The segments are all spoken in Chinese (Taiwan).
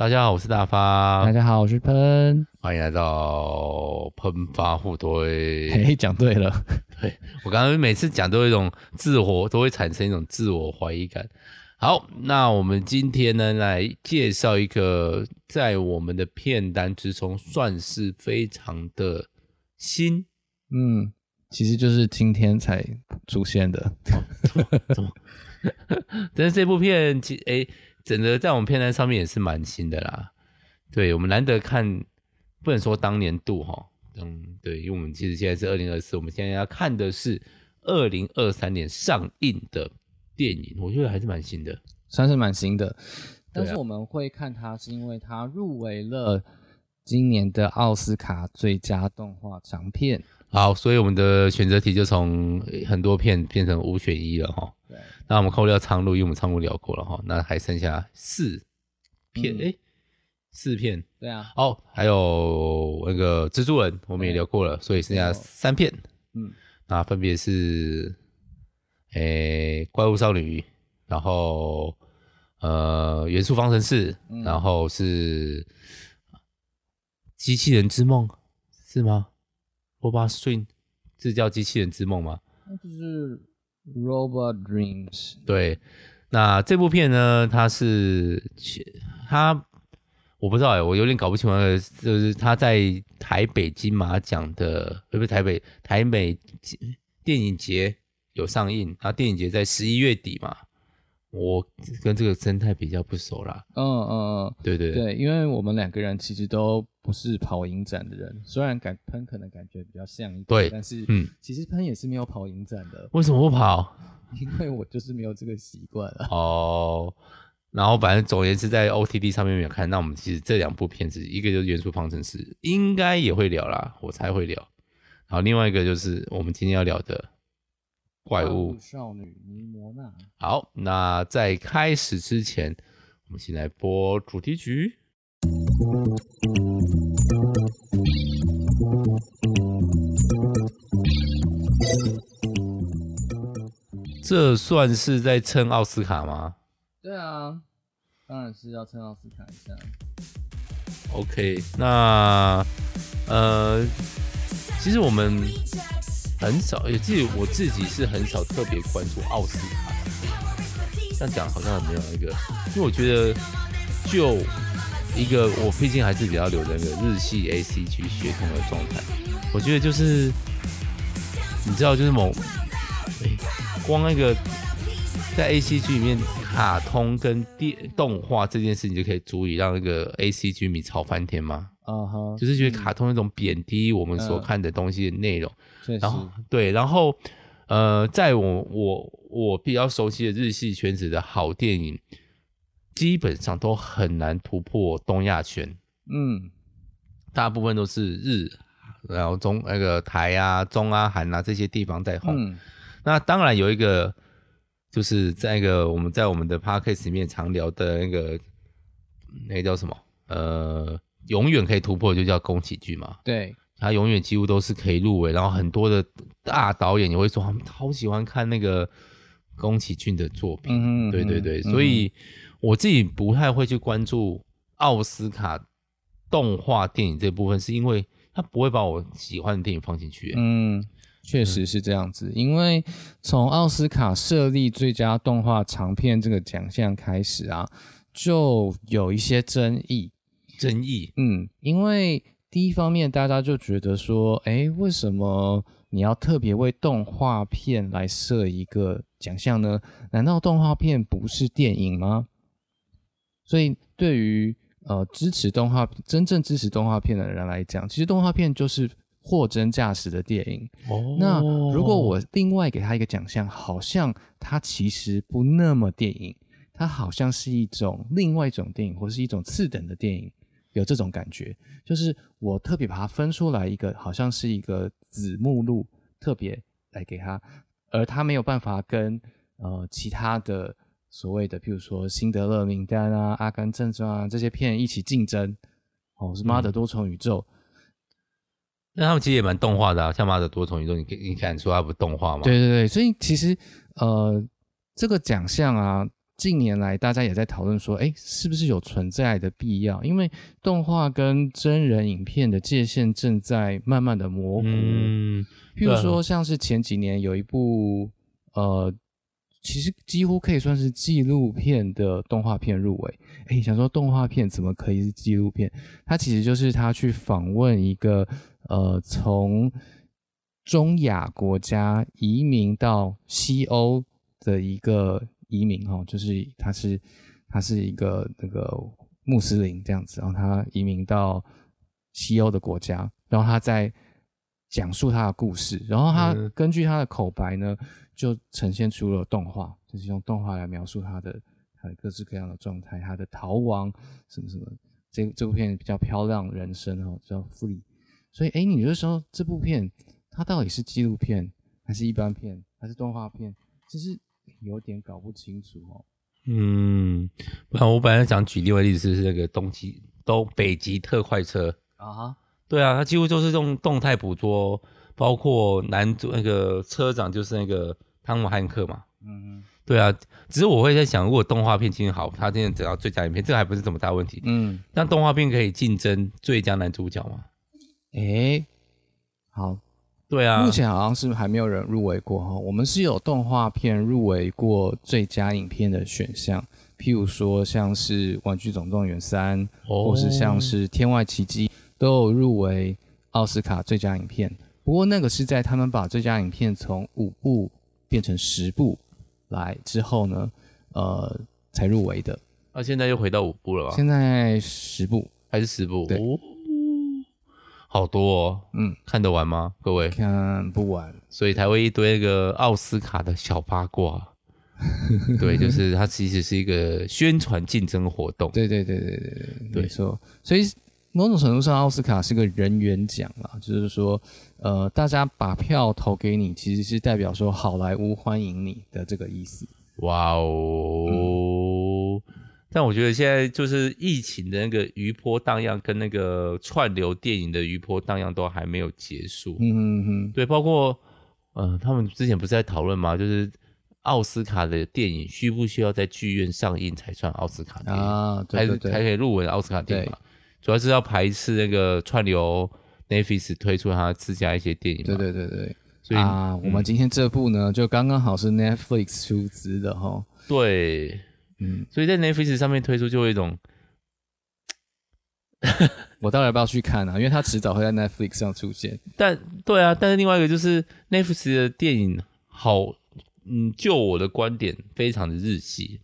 大家好，我是大發。大家好，我是噴。歡迎來到噴發互推。哎，講對了，對，我剛剛每次講都有一種自我，都會產生一種自我懷疑感。好，那我們今天呢，來介紹一個在我們的片單之中算是非常的新，嗯，其實就是今天才出現的。啊、怎麼？怎麼 但是這部片其實，其、欸、誒。整個在我們片單上面也是蠻新的啦，對，我們難得看，不能說當年度哈、哦，嗯，對，因為我們其實現在是二零二四，我們現在要看的是二零二三年上映的電影，我覺得還是蠻新的，算是蠻新的。但是我們會看它，是因為它入圍了今年的奧斯卡最佳動畫長片。好，所以我們的選擇題就從很多片變成五選一了哈。對。那我們扣掉蒼鷺，因為我們蒼鷺聊過了哈。那還剩下四片，誒、嗯欸，四片。對啊。哦，還有那個蜘蛛人，我們也聊過了，對所以剩下三片。嗯。那分別是，誒、欸，怪物少女，然後呃，元素方程式，然後是機、嗯、器人之夢，是嗎？Robot e 這叫機器人之夢嗎？就是 Robot Dreams。對，那這部片呢？它是它，我不知道哎，我有點搞不清楚，就是它在台北金馬獎的，不是台北，台北電影節有上映。它電影節在十一月底嘛？我跟這個生態比較不熟啦。嗯嗯嗯，嗯對對對，對，因為我們兩個人其實都，不是跑影展的人，雖然感噴可能感覺比較像一點，對但是嗯，其實噴也是沒有跑影展的。為什麼不跑？因為我就是沒有這個習慣了。哦，然後反正總而言之，在 O T D 上面沒有看。那我們其實這兩部片子，一個就是《元素方城市》，應該也會聊啦，我才會聊。好，另外一個就是我們今天要聊的《怪物少女妮莫娜》。好，那在開始之前，我們先來播主題曲。這算是在蹭奧斯卡嗎？對啊，當然是要蹭奧斯卡一下。OK，那呃，其實我們很少，也、欸、自己我自己是很少特別關注奧斯卡。這樣講好像很沒有一、那個，因為我覺得就。一個我畢竟還是比較留在那個日系 A C G 血統的狀態，我覺得就是你知道，就是某、欸、光那個在 A C G 裡面，卡通跟電動畫這件事情就可以足以讓那個 A C G 迷吵翻天嗎？哦，就是覺得卡通那種貶低我們所看的東西的內容，然後對，然後呃，在我我我比較熟悉的日系圈子的好電影，基本上都很難突破東亞圈，嗯，大部分都是日，然後中那個台啊、中啊、韓啊這些地方在紅，嗯，那當然有一個，就是在一個我們在我們的 podcast 裡面常聊的那個，那個叫什麼？呃，永遠可以突破的就叫宮崎駿嘛，對，他永遠幾乎都是可以入圍，然後很多的大導演也會說他們好喜歡看那個宮崎駿的作品，嗯哼嗯哼，對對對，所以。嗯我自己不太會去關注奧斯卡動畫電影這部分，是因為他不會把我喜歡的電影放進去，欸。嗯，確實是這樣子，嗯、因為從奧斯卡設立最佳動畫長片這個獎項開始啊，就有一些爭議。爭議，嗯，因為第一方面大家就覺得說，誒、欸，為什麼你要特別為動畫片來設一個獎項呢？難道動畫片不是電影嗎？所以對，對於呃支持動畫、真正支持動畫片的人來講，其實動畫片就是貨真價實的電影。哦、那如果我另外給他一個獎項，好像它其實不那麼電影，它好像是一種另外一種電影，或是一種次等的電影，有這種感覺，就是我特別把它分出來一個，好像是一個子目錄，特別來給他，而他沒有辦法跟呃其他的。所謂的，譬如說《辛德勒名單》啊，《阿甘正傳》啊，這些片一起競爭，嗯、哦，是《媽的多重宇宙》嗯。那他們其實也蠻動畫的啊，像《媽的多重宇宙》你，你你敢說它不動畫嗎？對對對，所以其實呃，這個獎項啊，近年來大家也在討論說，哎、欸，是不是有存在的必要？因為動畫跟真人影片的界限正在慢慢的模糊。嗯。譬如說，了像是前幾年有一部呃。其實幾乎可以算是紀錄片的動畫片入圍。欸，想說動畫片怎麼可以是紀錄片？他其實就是他去訪問一個呃，從中亞國家移民到西歐的一個移民喔，就是他是他是一個那個穆斯林這樣子，然後他移民到西歐的國家，然後他在講述他的故事，然後他根據他的口白呢，嗯就呈現出了動畫，就是用動畫來描述他的他的各式各樣的狀態，他的逃亡什麼什麼。這這部片比較漂亮，人生哦、喔，叫《Free》。所以，哎、欸，你就說這部片它到底是紀錄片，還是一般片，還是動畫片？其實有點搞不清楚哦、喔。嗯，不然我本來想舉另外例子，是那個東西都北極特快車啊，哈、uh，huh. 對啊，它幾乎就是用動態捕捉，包括男主那個車長就是那個。湯姆漢克嘛，嗯哼，對啊，只是我會在想，如果動畫片今天好，他今天得到最佳影片，這還不是什麼大問題，嗯，但動畫片可以競爭最佳男主角嗎？哎、欸，好，對啊，目前好像是還沒有人入圍過哈。我們是有動畫片入圍過最佳影片的選項，譬如說像是《玩具總動員三》，或是像是《天外奇蹟》，都有入圍奧斯卡最佳影片。不過那個是在他們把最佳影片從五部變成十部來之後呢，呃，才入圍的，那、啊、現在又回到五部了吧？現在十部還是十部？對、哦，好多、哦，嗯，看得完嗎？各位？看不完，所以台灣一堆那個奧斯卡的小八卦。對，對，就是它其實是一個宣傳競爭活動。 對對對對對對，對沒錯，所以。某種程度上，奧斯卡是個人緣獎啦，就是說，呃，大家把票投給你，其實是代表說好萊塢歡迎你的這個意思。哇哦！嗯、但我覺得現在就是疫情的那個餘波蕩漾，跟那個串流電影的餘波蕩漾都還沒有結束。嗯嗯嗯。對，包括，嗯、呃，他們之前不是在討論嗎？就是奧斯卡的電影需不需要在劇院上映才算奧斯卡啊？還是還可以入圍奧斯卡電影？對。主要是要排斥那個串流 Netflix 推出他自家一些電影，對對對對，所以啊，嗯、我們今天這部呢，就剛剛好是 Netflix 出資的哈、哦。對，嗯，所以在 Netflix 上面推出就會有一種， 我當然不要去看啊，因為它遲早會在 Netflix 上出現。但對啊，但是另外一個就是 Netflix 的電影好，嗯，就我的觀點，非常的日系。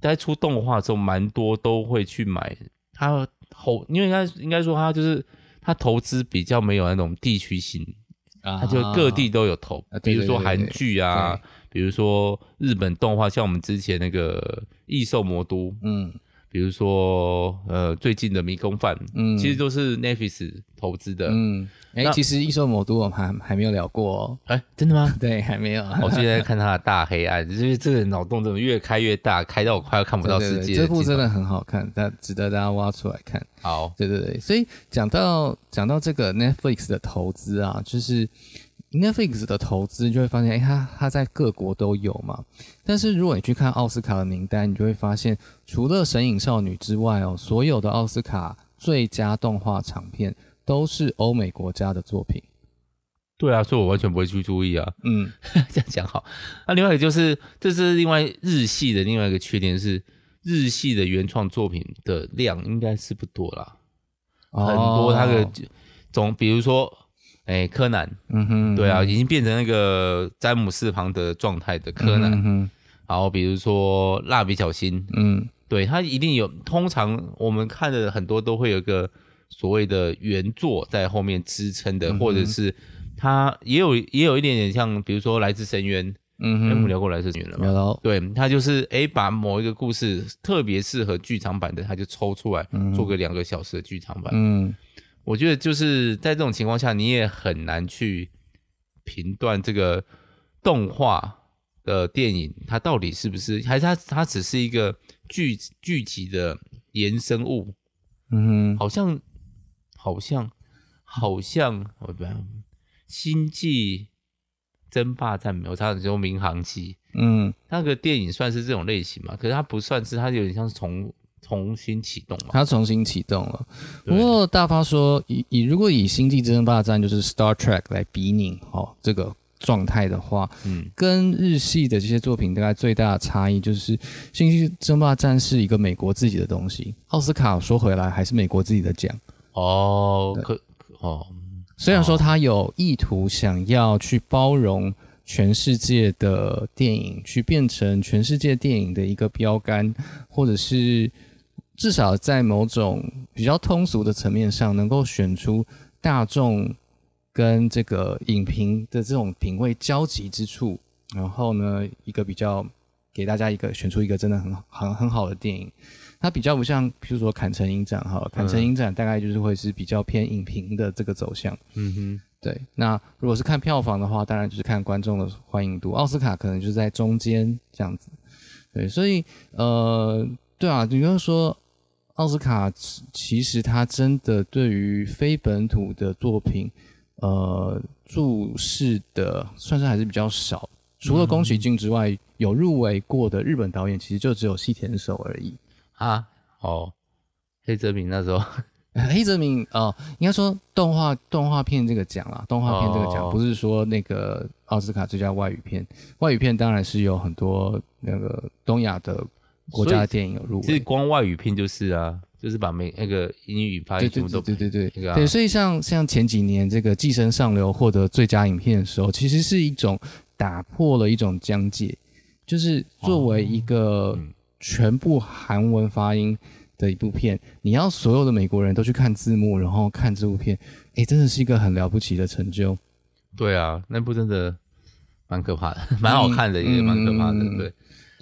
在出動畫的時候，蠻多都會去買。他投，因為他應該說他就是他投資比較沒有那種地區性，啊、哈他就各地都有投，啊、比如說韓劇啊，對對對對，比如說日本動畫，像我們之前那個《異獸魔都》。嗯。比如說，呃，最近的迷宮飯《迷宮飯》，嗯，其實都是 Netflix 投資的，嗯，哎那、欸，其實《異獸魔都》我們還，還沒有聊過，哦，哎、欸，真的嗎？對，還沒有。我、哦、現在，在看他的《大黑暗》， 就是這個腦洞，怎麼越開越大，開到我快要看不到世界，對對對。這部真的很好看，但值得大家挖出來看。好，對對對，所以講到講到這個 Netflix 的投資啊，就是。Netflix 的投資你就會發現，哎、欸，它它在各國都有嘛。但是如果你去看奧斯卡的名單，你就會發現，除了《神隱少女》之外哦，所有的奧斯卡最佳動畫長片都是歐美國家的作品。對啊，所以我完全不會去注意啊。嗯， 這樣講好。那、啊、另外一個就是，這是另外日系的另外一個缺點、就是，日系的原創作品的量應該是不多啦。哦、很多它、那、的、個、總，比如說。哎，柯南，嗯哼嗯，對啊，已經變成那個詹姆士龐德的狀態的柯南。嗯哼，然後比如說蠟筆小新，嗯，對他一定有。通常我們看的很多都會有個所謂的原作在後面支撐的，嗯、哼或者是他也有也有一點點像，比如說《來自深淵》，嗯哼，欸、聊過《來自深淵》了嗎？聊了。對他就是哎，把某一個故事特別適合劇場版的，他就抽出來做個兩個小時的劇場版。嗯，嗯。我覺得就是在這種情況下，你也很難去評斷這個動畫的電影，它到底是不是，還是它它只是一個劇劇集的延伸物。嗯哼。嗯，好像好像好像我不知道，《星際爭霸戰》沒有，它只用《民航機》。嗯，那個電影算是這種類型嘛？可是它不算是，它有點像是從。重新啟動了，他重新啟動了。對不過，大發說以以如果以《星際爭霸戰》就是《Star Trek》來比擬哦，這個狀態的話，嗯，跟日系的這些作品大概最大的差異就是，《星際爭霸戰》是一個美國自己的東西。奧斯卡說回來還是美國自己的獎哦，對可哦，雖然說他有意圖想要去包容全世界的電影，哦、去變成全世界電影的一個標杆，或者是。至少在某種比較通俗的層面上，能夠選出大眾跟這個影評的這種品位交集之處，然後呢，一個比較給大家一個選出一個真的很很很好的電影，它比較不像譬如說坎城影展哈，嗯、坎城影展大概就是會是比較偏影評的這個走向。嗯哼，對。那如果是看票房的話，當然就是看觀眾的歡迎度，奧斯卡可能就是在中間這樣子。對，所以呃，對啊，比如說。奧斯卡其實他真的對於非本土的作品，呃，注視的算是還是比較少。除了宮崎駿之外，有入圍過的日本導演其實就只有細田守而已。啊，哦，黑澤明那時候，黑澤明哦，應該說動畫動畫片這個獎啊，動畫片這個獎、哦、不是說那個奧斯卡最佳外語片，外語片當然是有很多那個東亞的。國家的電影有入圍，其實光外語片就是啊，就是把每那個英語發音什麼都對，對對對對對，啊、對所以像像前幾年這個《寄生上流》獲得最佳影片的時候，其實是一種打破了一種疆界。就是作為一個全部韓文發音的一部片，你要所有的美國人都去看字幕，然後看這部片，哎、欸，真的是一個很了不起的成就。對啊，那部真的蠻可怕的，蠻好看的也，也蠻、哎嗯、可怕的，對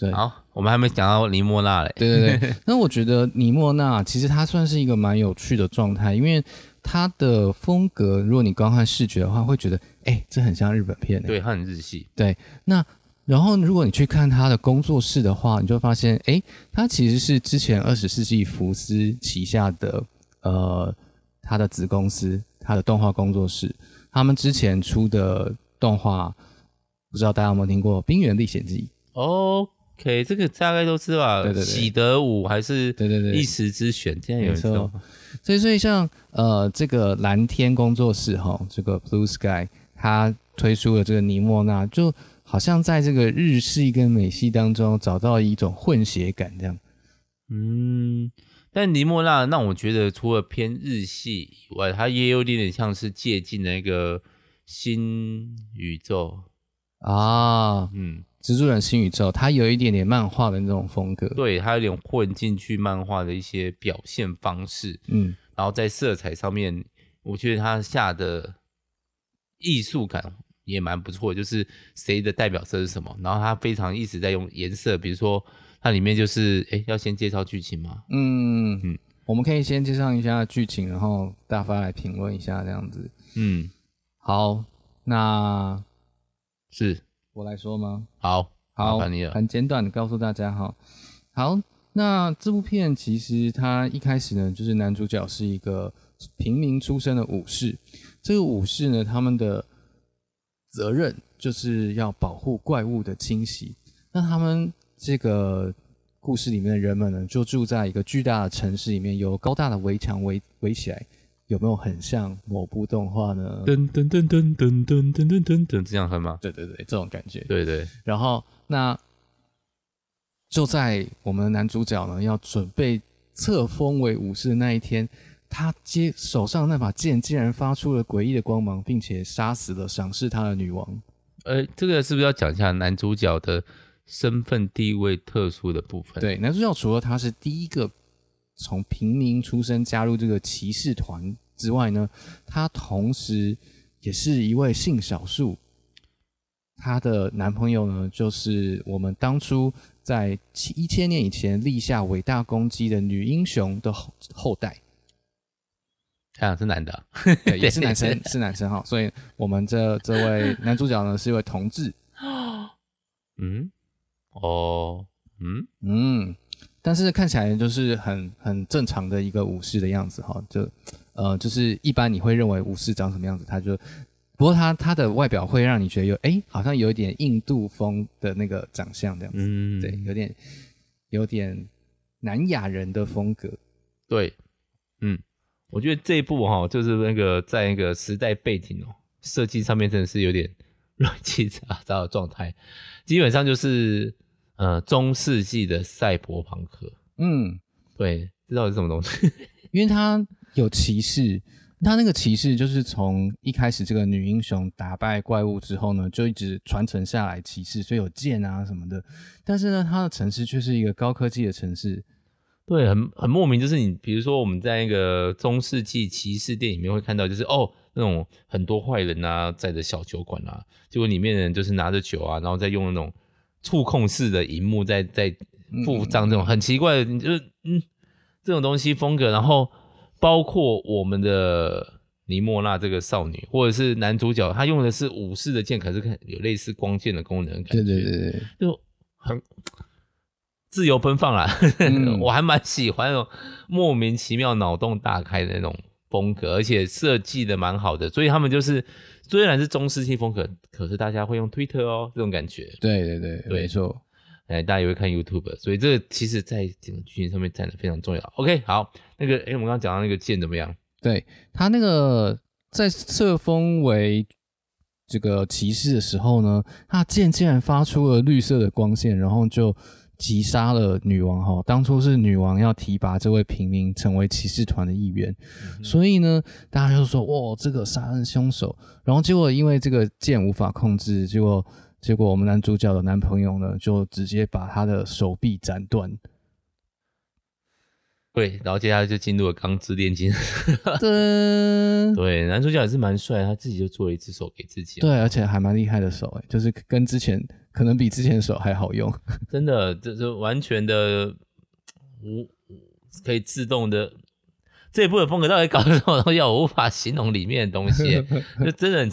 對好。我們還沒講到妮莫娜嘞，對對對。那我覺得妮莫娜其實他算是一個蠻有趣的狀態，因為他的風格，如果你光看視覺的話，會覺得哎、欸，這很像日本片嘞、欸。對，很日系。對，那然後如果你去看他的工作室的話，你就發現哎，他、欸、其實是之前二十世紀福斯旗下的呃他的子公司，他的動畫工作室，他們之前出的動畫，不知道大家有沒有聽過《冰原歷險記》哦。Oh. OK，這個大概都知道，對對對，喜得五還是一時之選，現在有時候。所以，所以像呃這個藍天工作室哈，這個 Blue Sky，他推出了這個妮莫娜，就好像在這個日系跟美系當中找到一種混血感這樣。嗯，但妮莫娜讓我覺得除了偏日系以外，它也有點點像是借鏡的一個新宇宙啊，嗯。《蜘蛛人：新宇宙》，它有一點點漫畫的那種風格，對，它有點混進去漫畫的一些表現方式，嗯，然後在色彩上面，我覺得它下的藝術感也蠻不錯。就是誰的代表色是什麼，然後它非常一直在用顏色，比如說它裡面就是，哎，要先介紹劇情嗎？嗯嗯嗯，嗯我們可以先介紹一下劇情，然後大發來評論一下這樣子。嗯，好，那是。我來說嗎？好好，麻煩你了。好，很簡短的告訴大家好，好好。那這部片其實它一開始呢，就是男主角是一個平民出身的武士。這個武士呢，他們的責任就是要保護怪物的侵襲。那他們這個故事裡面的人們呢，就住在一個巨大的城市裡面，有高大的圍牆圍圍起來。有沒有很像某部動畫呢？噔噔噔噔噔噔噔噔噔噔，這樣看嗎？對對對，這種感覺。對,對對。然後，那就在我們的男主角呢要準備冊封為武士的那一天，他接手上那把劍竟然發出了詭異的光芒，並且殺死了賞識他的女王。呃、欸，這個是不是要講一下男主角的身份地位特殊的部分？對，男主角除了他是第一個。從平民出身加入這個騎士團之外呢，他同時也是一位性少數。他的男朋友呢，就是我們當初在一千年以前立下偉大功績的女英雄的後後代。啊，是男的，也對對是男生，對是男生哈。所以我們這這位男主角呢， 是一位同志。嗯。哦。嗯。嗯。但是看起來就是很很正常的一個武士的樣子哈，就，呃，就是一般你會認為武士長什麼樣子，他就，不過他他的外表會讓你覺得有，哎、欸，好像有一點印度風的那個長相這樣子，嗯嗯，對，有點有點南亞人的風格。對，嗯，我覺得這一部哈，就是那個在那個時代背景哦、喔，設計上面真的是有點亂七八糟的狀態，基本上就是。呃，中世紀的賽博朋克，嗯，對，到底是什麼東西？因為它有騎士，它那個騎士就是從一開始這個女英雄打敗怪物之後呢，就一直傳承下來騎士，所以有劍啊什麼的。但是呢，它的城市卻是一個高科技的城市，對，很很莫名。就是你比如說，我們在那個中世紀騎士電影裡面會看到，就是哦，那種很多壞人啊，在的小酒館啊，結果裡面的人就是拿着酒啊，然後再用那種。觸控式的螢幕在在付帳，這種很奇怪的，你就是嗯，這種東西風格，然後包括我們的妮莫娜這個少女或者是男主角，他用的是武士的劍，可是有類似光劍的功能，感覺，對對對對，就很自由奔放啊！ 我還蠻喜歡那種莫名其妙腦洞大開的那種風格，而且設計的蠻好的，所以他們就是。雖然是中世紀風格，可是大家會用 Twitter 哦、喔，這種感覺。對對對，對沒錯錯。哎，大家也會看 YouTube，所以這個其實，在整個劇情上面占的非常重要。OK，好，那個哎、欸，我們剛剛講到那個劍怎麼樣？對，他那個在冊封為這個騎士的時候呢，他劍竟然發出了綠色的光線，然後就。擊殺了女王哈，當初是女王要提拔這位平民成為騎士團的一員，嗯、哼所以呢，大家就說，哇，這個殺人兇手，然後結果因為這個劍無法控制，結果結果我們男主角的男朋友呢，就直接把他的手臂斬斷，對，然後接下來就進入了鋼之煉金， 噔噔，對，男主角也是蠻帥，他自己就做了一隻手給自己，對，而且還蠻厲害的手、欸，就是跟之前，可能比之前的手還好用，真的，就是完全的無可以自動的這一部的風格到底搞什麼？要無法形容裡面的東西，就真的很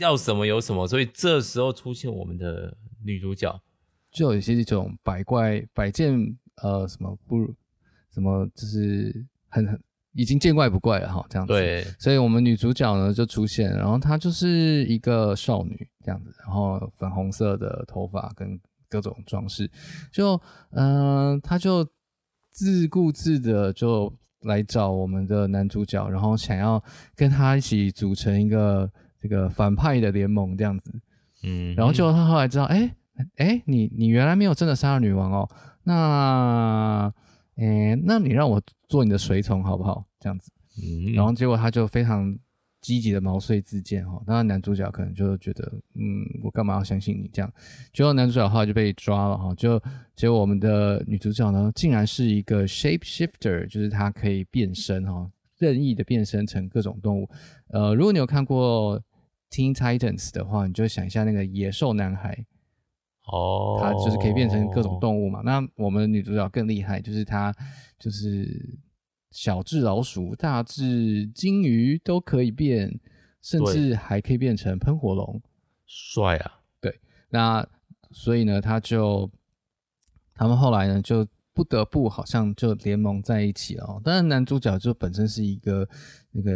要什麼有什麼，所以這時候出現我們的女主角，就有一些這種百怪百件呃什麼不如什麼，就是很很。已經見怪不怪了哈，這樣子。對所以我們女主角呢就出現，然後她就是一個少女這樣子，然後粉紅色的頭髮跟各種裝飾，就嗯、呃，她就自顧自的就來找我們的男主角，然後想要跟他一起組成一個這個反派的聯盟這樣子，嗯，然後就他後來知道，哎哎、嗯欸欸，你你原來沒有真的殺了女王哦、喔，那哎、欸，那你讓我做你的隨從好不好？這樣子，嗯，然後結果他就非常積極的毛遂自薦哈，當然男主角可能就覺得，嗯，我幹嘛要相信你這樣？結果男主角後來就被抓了哈，就結果我們的女主角呢，竟然是一個 shapeshifter，就是她可以變身哈，任意的變身成各種動物。呃，如果你有看過 Teen Titans 的話，你就想一下那個野獸男孩哦，他就是可以變成各種動物嘛。那我們女主角更厲害，就是他就是。小隻老鼠、大隻金魚都可以變，甚至還可以變成噴火龍，帥啊！對，那所以呢，他就他們後來呢，就不得不好像就聯盟在一起了。當然，男主角就本身是一個那個、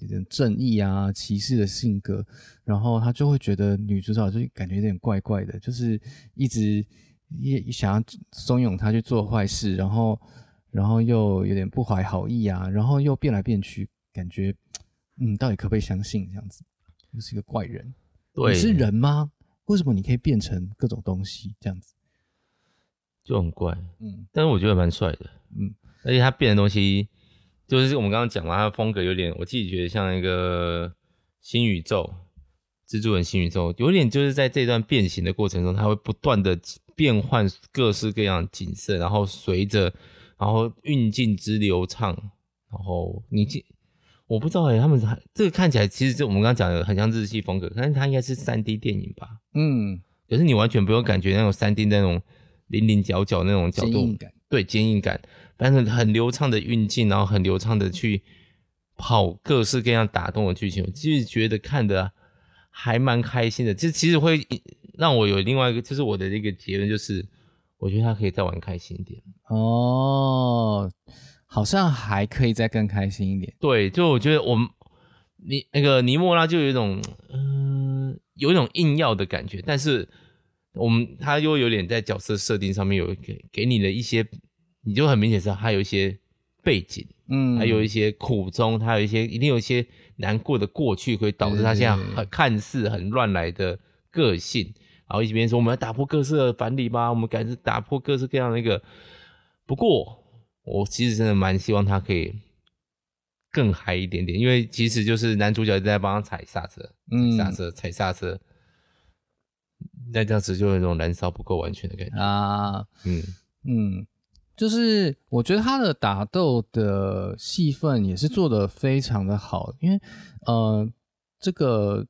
一個正義啊、騎士的性格，然後他就會覺得女主角就感覺有點怪怪的，就是一直也想要慫恿他去做壞事，然後。然後又有點不懷好意啊，然後又變來變去，感覺，嗯，到底可不可以相信這樣子？又、就是一個怪人，對，你是人嗎？為什麼你可以變成各種東西這樣子？就很怪，嗯，但是我覺得蠻帥的，嗯，而且他變的東西，就是我們剛剛講了，他的風格有點，我自己覺得像一個新宇宙，蜘蛛人新宇宙，有點就是在這段變形的過程中，他會不斷的變換各式各樣的景色，然後隨着。然後運鏡之流暢，然後你進，我不知道哎、欸，他們這個看起來其實就我們剛剛講的很像日系風格，但是它應該是 3D 電影吧？嗯，可是你完全不用感覺那種 3D 那種稜稜角角那種角度、堅硬感，對，堅硬感，但是很流暢的運鏡，然後很流暢的去跑各式各樣打動的劇情，就覺得看的還蠻開心的。這其實會讓我有另外一個，就是我的一個結論就是。我覺得他可以再玩開心一點哦，好像還可以再更開心一點。對，就我覺得我們，尼那個妮莫娜就有一種，嗯、呃，有一種硬要的感覺。但是我們他又有點在角色設定上面有給給你的一些，你就很明顯知道他有一些背景，嗯，還有一些苦衷，他有一些一定有一些難過的過去，會導致他現在很看似很亂來的個性。然後一邊說，我們要打破各式的藩籬吧，我們敢是打破各式各樣的一個。不過，我其實真的蠻希望他可以更嗨一點點，因為其實就是男主角在幫他踩剎車，踩剎車，踩剎車。那這樣子就有一種燃燒不夠完全的感覺啊。嗯嗯，就是我覺得他的打鬥的戲份也是做得非常的好，因為呃，這個。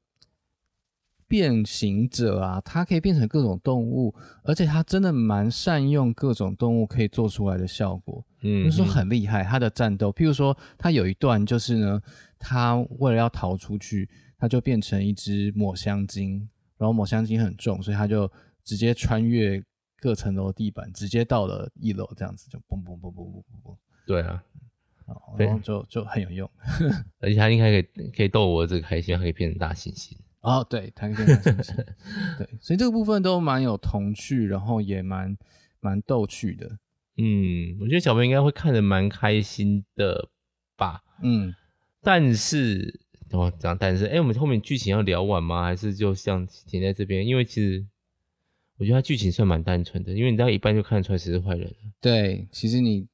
變形者啊，他可以變成各種動物，而且他真的蠻善用各種動物可以做出來的效果，嗯哼，就是說很厲害。他的戰鬥，譬如說他有一段就是呢，他為了要逃出去，他就變成一隻抹香鯨，然後抹香鯨很重，所以他就直接穿越各層樓的地板，直接到了一樓，這樣子就嘣嘣嘣嘣嘣嘣嘣。對啊，然後就對就很有用。 而且他應該可以可以逗我這個開心，還可以變成大猩猩。哦，oh, 對，譚先生， 對，所以這個部分都蠻有童趣，然後也蠻蠻逗趣的。嗯，我覺得小朋友應該會看得蠻開心的吧。嗯，但等，但是哦，講但是，哎，我們後面劇情要聊完嗎？還是就像停在這邊？因為其實我覺得它劇情算蠻單純的，因為你知道一半就看得出來誰是壞人。對，其實你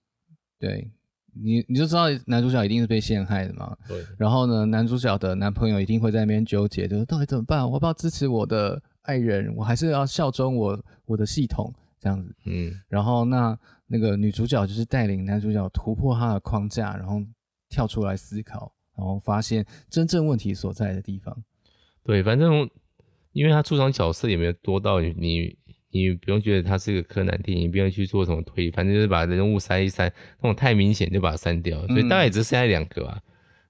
對。你你就知道男主角一定是被陷害的嘛。對。然後呢，男主角的男朋友一定會在那邊糾結，就是到底怎麼辦？我要不要支持我的愛人？我還是要效忠我我的系統這樣子。嗯。然後那那個女主角就是帶領男主角突破他的框架，然後跳出來思考，然後發現真正問題所在的地方。對，反正因為他出場角色也沒有多到你。你不用覺得它是一個柯南電影，你不用去做什麼推，反正就是把人物刪一刪，那種太明顯就把它刪掉了。所以大概只塞了兩個、啊。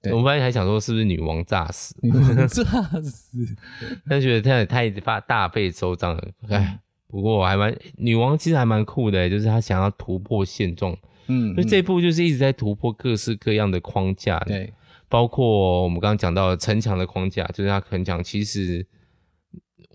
嗯、我發現還想說是不是女王詐死，女王詐死，呵呵對但覺得他也太太一直發大費周章了。嗯、不過我還蠻女王其實還蠻酷的，就是她想要突破現狀、嗯。嗯，所以這部就是一直在突破各式各樣的框架。對，包括我們剛剛講到城牆的框架，就是他很牆其實。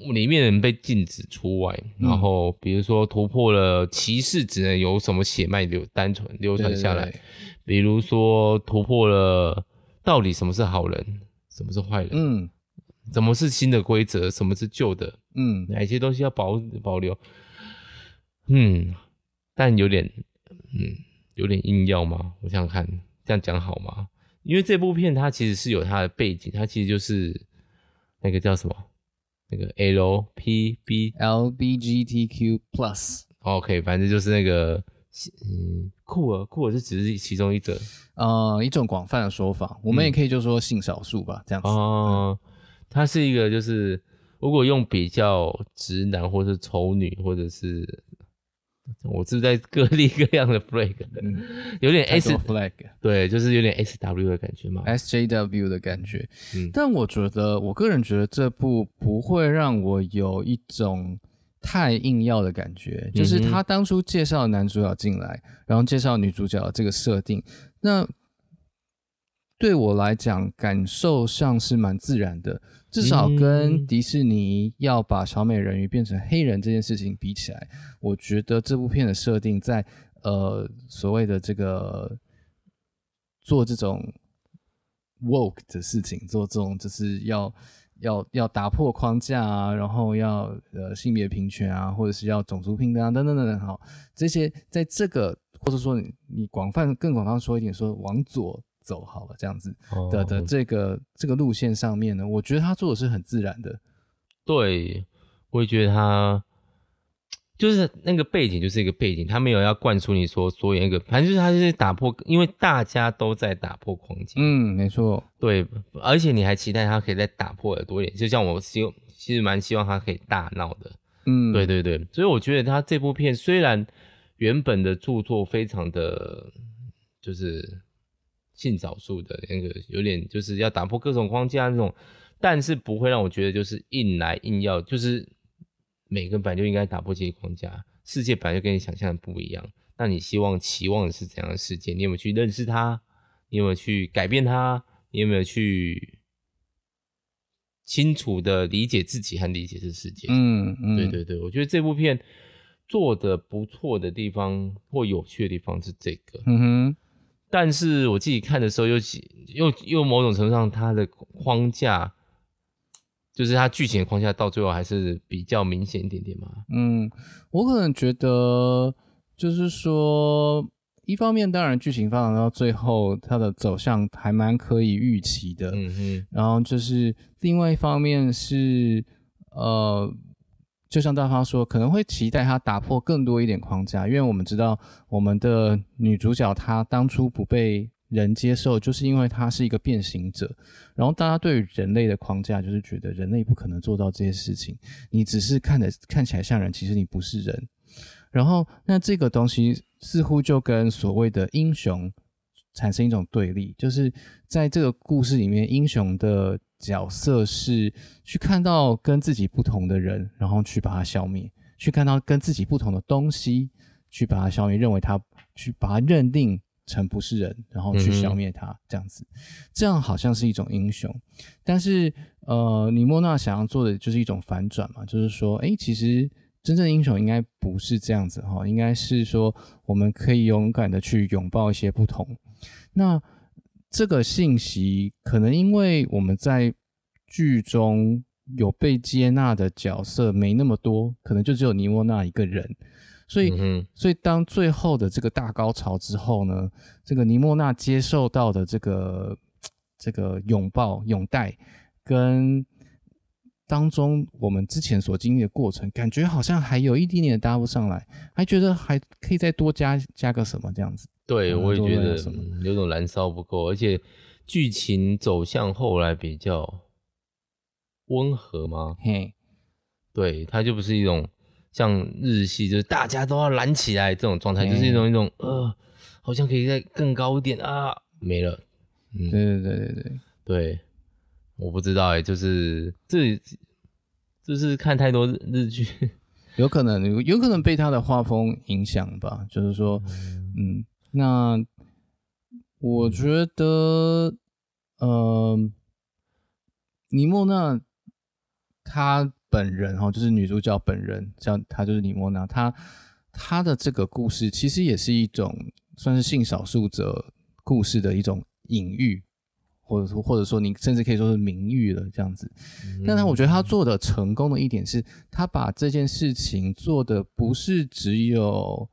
裡面人被禁止出外，然後比如說突破了歧視，只能由什麼血脈流單純流傳下來。對對對。比如說突破了，到底什麼是好人，什麼是壞人？嗯，什麼是新的規則，什麼是舊的？嗯，哪些東西要保保留？嗯，但有點，嗯，有點硬要嗎？我想想看，這樣講好嗎？因為這部片它其實是有它的背景，它其實就是那個叫什麼？那個 L P B L B G T Q Plus，OK，okay, 反正就是那個嗯酷兒，酷兒這只是其中一個，呃，一種廣泛的說法。我們也可以就說性少數吧，嗯、這樣子。啊、哦，它是一個就是，如果用比較直男，或是醜女，或者是。我是，是在各式各樣的 flag，、嗯、有點 S, S flag，對，就是有點 S W 的感覺嘛，S J W 的感覺。嗯、但我覺得，我個人覺得這部不會讓我有一種太硬要的感覺，就是他當初介紹男主角進來，然後介紹女主角這個設定，那對我來講，感受上是蠻自然的。至少跟迪士尼要把小美人魚變成黑人這件事情比起來，嗯，我覺得這部片的設定在呃所謂的這個做這種 woke 的事情，做這種就是要要要打破框架啊，然後要呃性別平權啊，或者是要種族平等啊等等等等，好這些在這個或者說你你廣泛更廣泛說一點，說往左。走好了，這樣子。對對、oh. 這個這個路線上面呢，我覺得他做的是很自然的。對，我也覺得他就是那個背景就是一個背景，他沒有要灌輸你說所有那個，反正就是他就是打破，因為大家都在打破空間。嗯，沒錯。對，而且你還期待他可以再打破的多一點，就像我希望其實蠻希望他可以大鬧的。嗯，對對對。所以我覺得他這部片雖然原本的著作，非常的就是。性少數的那個有點就是要打破各種框架那種，但是不會讓我覺得就是硬來硬要，就是每個本來就應該打破這些框架。世界本來就跟你想象的不一樣，那你希望期望的是怎樣的世界？你有沒有去認識它？你有沒有去改變它？你有沒有去清楚的理解自己和理解這世界？嗯、嗯對對對，我覺得這部片做的不錯的地方或有趣的地方是這個。嗯但是我自己看的時候又，又又又某種程度上，它的框架就是它劇情的框架，到最後還是比較明顯一點點嘛。嗯，我可能覺得就是說，一方面當然劇情發展到最後，它的走向還蠻可以預期的。嗯哼。然後就是另外一方面是呃。就像大發說，可能會期待他打破更多一點框架，因為我們知道我們的女主角她當初不被人接受，就是因為她是一個變形者。然後大家對於人類的框架就是覺得人類不可能做到這些事情，你只是看着看起來像人，其實你不是人。然後那這個東西似乎就跟所謂的英雄產生一種對立，就是在這個故事裡面，英雄的。角色是去看到跟自己不同的人，然後去把它消滅；去看到跟自己不同的東西，去把它消滅，認為他去把它認定成不是人，然後去消滅他，嗯、這樣子，這樣好像是一種英雄。但是，呃，妮莫娜想要做的就是一種反轉嘛，就是說，哎，其實真正的英雄應該不是這樣子哈、哦，應該是說我們可以勇敢的去擁抱一些不同。那這個信息，可能因為我們在劇中有被接納的角色沒那麼多，可能就只有妮莫娜一個人，所以、嗯、哼所以當最後的這個大高潮之後呢，這個妮莫娜接受到的這個這個擁抱擁戴，跟當中我們之前所經歷的過程，感覺好像還有一點點搭不上來，還覺得還可以再多加加個什麼這樣子。對，嗯、我也覺得有種燃燒不夠，而且劇情走向後來比較溫和嗎？嘿，Hey. 對，它就不是一種像日系，就是大家都要燃起來這種狀態，Hey. 就是一種一種呃，好像可以再更高一點啊，沒了。嗯、對對對對對對，我不知道哎、欸，就是這，就是看太多日日劇， 有可能有可能被他的畫風影響吧，就是說，嗯。嗯那我覺得，嗯、呃、妮莫娜她本人哈、哦，就是女主角本人這樣，她就是妮莫娜，她她的這個故事其實也是一種算是性少數者故事的一種隱喻，或者說或者說你甚至可以說是明喻了這樣子。那她、嗯、我覺得她做的成功的一點是，她把這件事情做的不是只有。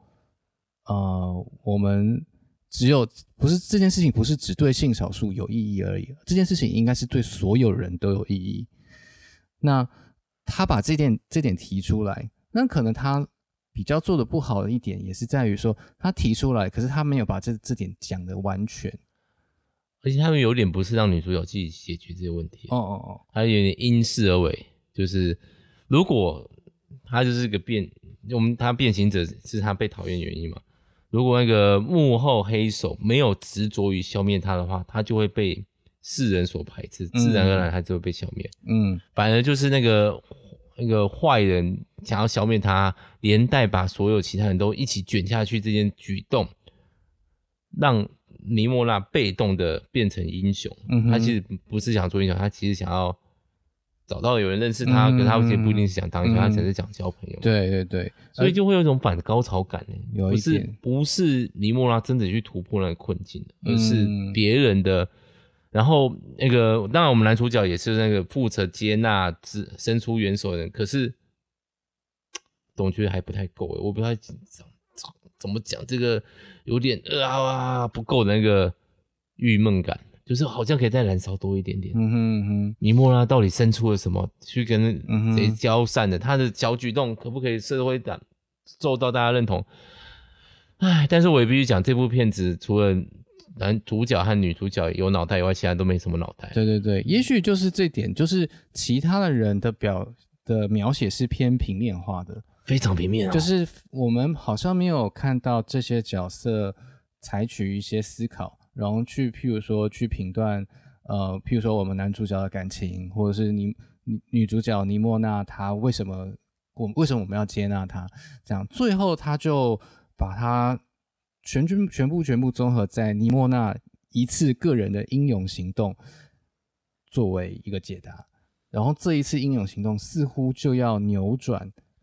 呃，我們只有不是這件事情不是只對性少數有意義而已，這件事情應該是對所有人都有意義。那他把這點這點提出來，那可能他比較做的不好的一點，也是在於說他提出來，可是他沒有把這這點講的完全。而且他們有點不是讓女主角自己解決這些問題，哦哦哦，他有點因勢而為，就是如果他就是個變，我們他變形者是他被討厭原因嘛？如果那個幕後黑手沒有執着於消滅他的話，他就會被世人所排斥，自然而然他就會被消滅。嗯，反而就是那個那個壞人想要消滅他，連帶把所有其他人都一起捲下去，這件舉動讓妮莫娜被動的變成英雄。嗯哼，他其實不是想做英雄，他其實想要。找到有人認識他，嗯、可是他其實不一定是想當醫生，嗯、他只是想交朋友。對對對，所以就會有一種反高潮感，不是不是妮莫娜真的去突破那個困境，嗯、而是別人的。然後那個當然我們男主角也是那個負責接納、支伸出援手的人，可是總覺得還不太夠，我不太緊張，怎麼講這個有點啊啊不夠的那個鬱悶感。就是好像可以再燃燒多一點點。嗯哼嗯哼，妮莫娜到底生出了什麼去跟誰交散的？他、嗯、哼的小舉動可不可以稍微的受到大家認同？哎，但是我也必須講，這部片子除了男主角和女主角有腦袋以外，其他都沒什麼腦袋。對對對，也許就是這點，就是其他的人的表的描寫是偏平面化的，非常平面，哦。就是我們好像沒有看到這些角色採取一些思考。然後去，譬如說去評斷，呃，譬如說我們男主角的感情，或者是你女女主角尼莫娜她為什麼，我為什麼我們要接納她？這樣，最後他就把他全全全部全部綜合在尼莫娜一次個人的英勇行動作為一個解答。然後這一次英勇行動似乎就要扭轉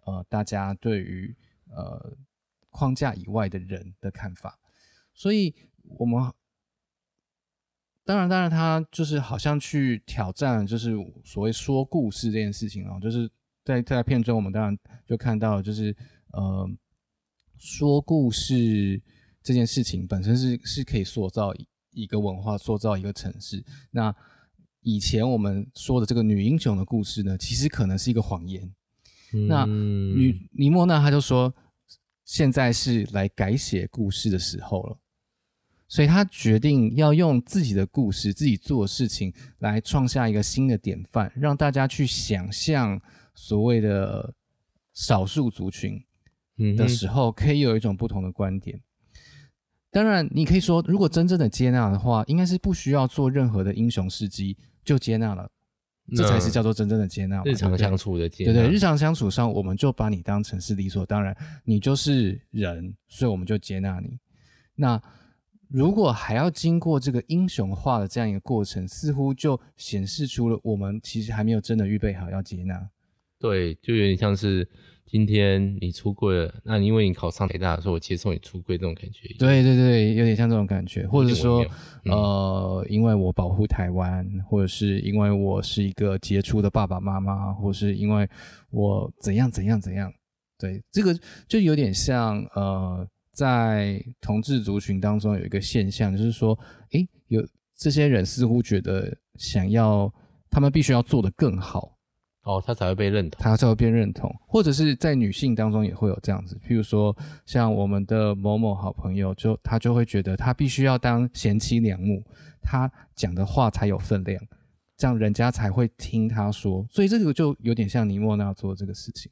呃大家對於呃框架以外的人的看法，所以我們。當然，當然，他就是好像去挑戰，就是所謂說故事這件事情哦、喔。就是在在片中，我們當然就看到，就是呃，說故事這件事情本身是是可以塑造一個文化，塑造一個城市。那以前我們說的這個女英雄的故事呢，其實可能是一個謊言。嗯、那女尼，妮莫娜她就說，現在是來改寫故事的時候了。所以他決定要用自己的故事、自己做的事情來創下一個新的典範，讓大家去想象所謂的少數族群的時候，可以有一種不同的觀點。嗯、哼當然，你可以說，如果真正的接納的話，應該是不需要做任何的英雄事蹟就接納了，那這才是叫做真正的接納。日常相處的接納。對對對，日常相處上，我們就把你當成是理所當然，你就是人，所以我們就接納你。那。如果還要經過這個英雄化的這樣一個過程，似乎就顯示出了我們其實還沒有真的預備好要接納。對，就有點像是今天你出櫃了，那你因為你考上北大的時候，我接受你出櫃這種感覺。對對對，有點像這種感覺，或者說，嗯、呃，因為我保護台灣，或者是因為我是一個傑出的爸爸媽媽，或者是因為我怎樣怎樣怎樣，對，這個就有點像呃。在同志族群當中，有一個現象，就是說，誒，有這些人似乎覺得想要他們必須要做得更好，哦，他才會被認同，他才會被認同，或者是在女性當中也會有這樣子，譬如說像我們的某某好朋友就，就他就會覺得他必須要當賢妻良母，他講的話才有分量，這樣人家才會聽他說，所以這個就有點像妮莫娜做這個事情。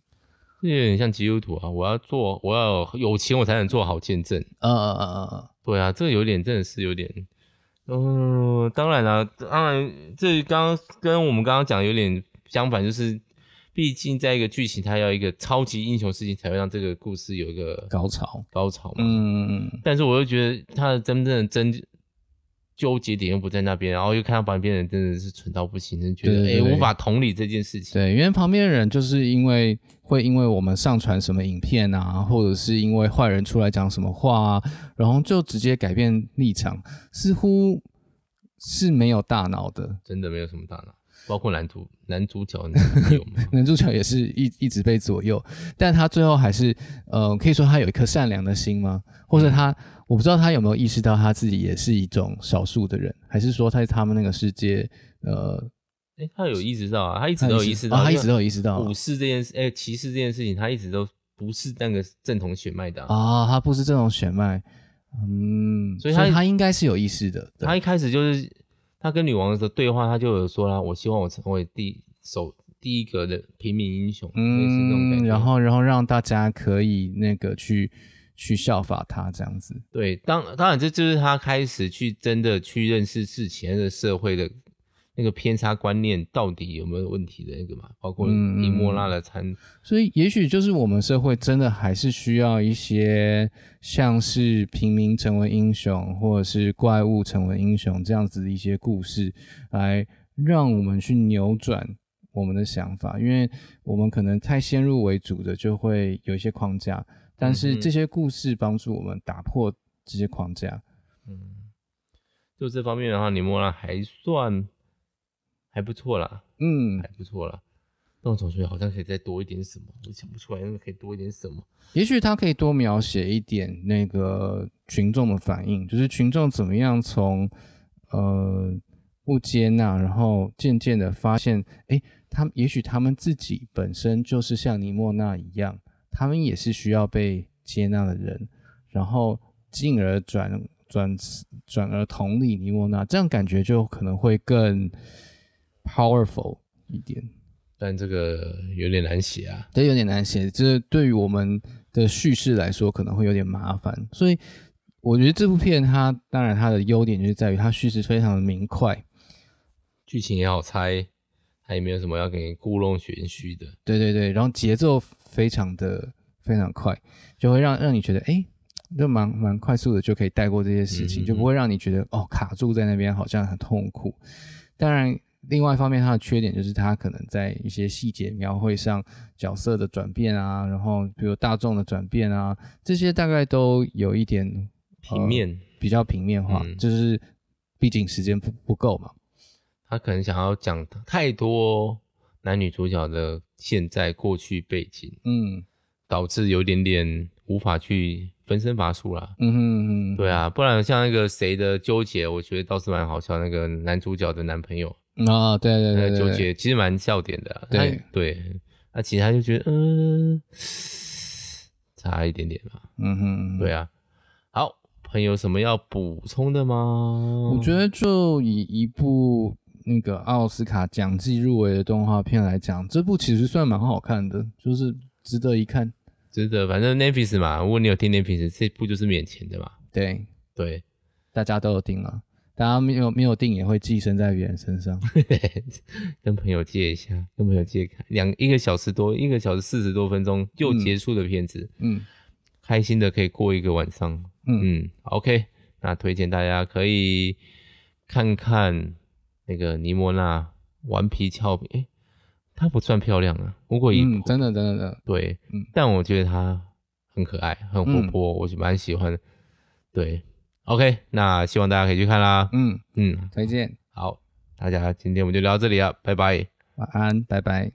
這有點像基督徒啊！我要做，我要有錢，我才能做好見證。啊啊啊啊啊，對啊，這個有點真的是有點，嗯、呃，當然啦、啊，當然，這剛跟我們剛剛講的有點相反，就是畢竟在一個劇情，它要一個超級英雄事情才會讓這個故事有一個高潮高潮嘛。嗯嗯嗯，但是我又覺得它真正的真。糾結點又不在那邊，然後又看到旁邊人真的是蠢到不行，就覺得也無法同理這件事情。對，因為旁邊人就是因為會因為我們上傳什麼影片啊，或者是因為壞人出來講什麼話啊，然後就直接改變立場，似乎是沒有大腦的，真的沒有什麼大腦。包括男主，男主角有嗎？男主角， 男主角也是一一直被左右，但他最後還是，呃，可以說他有一顆善良的心嗎？或者他，嗯、我不知道他有沒有意識到他自己也是一種少數的人，還是說在他，他，他們那個世界，呃、欸，他有意識到啊？他一直都有意識到，他，哦、他一直都有意識到、啊，武士這件事，欸、騎士這件事情，他一直都不是那個正統血脈的啊、哦，他不是正統血脈，嗯，所以他他應該是有意識的，他一開始就是。他跟女王的對話，他就有說啦：“我希望我成為第首第一個的平民英雄，嗯，然後然後讓大家可以那個去去效法他這樣子。”對，當當然這就是他開始去真的去認識之前的社會的。那個偏差觀念到底有沒有問題的那個嘛？包括妮莫娜的參。嗯，所以也許就是我們社會真的還是需要一些像是平民成為英雄，或者是怪物成為英雄這樣子的一些故事，來讓我們去扭轉我們的想法，因為我們可能太先入為主的就會有一些框架，但是這些故事幫助我們打破這些框架。嗯，嗯，就這方面的話，妮莫娜還算。還不錯啦，嗯，還不錯啦。那我總覺得好像可以再多一點什麼，我想不出來那可以多一點什麼。也許他可以多描寫一點那個群眾的反應，嗯、就是群眾怎麼樣從呃不接納，然後漸漸的發現，哎、欸，他們也許他們自己本身就是像妮莫娜一樣，他們也是需要被接納的人，然後進而轉轉轉而同理妮莫娜，這樣感覺就可能會更。Powerful 一點，但這個有點難寫啊，對，有點難寫，這、就是、對於我們的敘事來說可能會有點麻煩，所以我覺得這部片它當然它的優點就是在於它敘事非常的明快，劇情也好猜，它也沒有什麼要給你故弄玄虛的，對對對，然後節奏非常的非常快，就會讓讓你覺得哎、欸，就蠻蠻快速的就可以帶過這些事情，嗯嗯就不會讓你覺得哦卡住在那邊好像很痛苦，當然。另外一方面，他的缺點就是他可能在一些細節描繪上、角色的轉變啊，然後比如大眾的轉變啊，這些大概都有一點平面、呃，比較平面化，嗯、就是畢竟時間不不夠嘛，他可能想要講太多男女主角的現在、過去背景，嗯，導致有一點點無法去分身乏術了。嗯嗯嗯，對啊，不然像那個誰的糾結，我覺得倒是蠻好笑，那個男主角的男朋友。啊、嗯哦，對對對，對，對，對，對，糾結其實蠻笑點的、啊對，對對，那其實他就覺得嗯，差一點點嘛，嗯哼，嗯哼，對啊，好，朋友什麼要補充的嗎？我覺得就以一部那個奧斯卡獎季入圍的動畫片來講，這部其實算蠻好看的，就是值得一看，值得。反正 Netflix 嘛，如果你有聽 Netflix，這部就是免錢的嘛，對對，大家都有聽了。大家沒有沒有定也會寄生在別人身上，嘿嘿，跟朋友借一下，跟朋友借看兩一個小時多，一個小時四十多分鐘就結束的片子，嗯，嗯開心的可以過一個晚上，嗯嗯，OK，那推薦大家可以看看那個妮莫娜頑皮俏皮，誒、欸，她不算漂亮啊，不過也、嗯、真的真的真的，對，嗯、但我覺得她很可愛，很活潑，嗯、我就蠻喜歡的，對。OK，那希望大家可以去看啦。嗯嗯，再見。嗯。好，大家今天我們就聊到這裡了，拜拜。晚安，拜拜。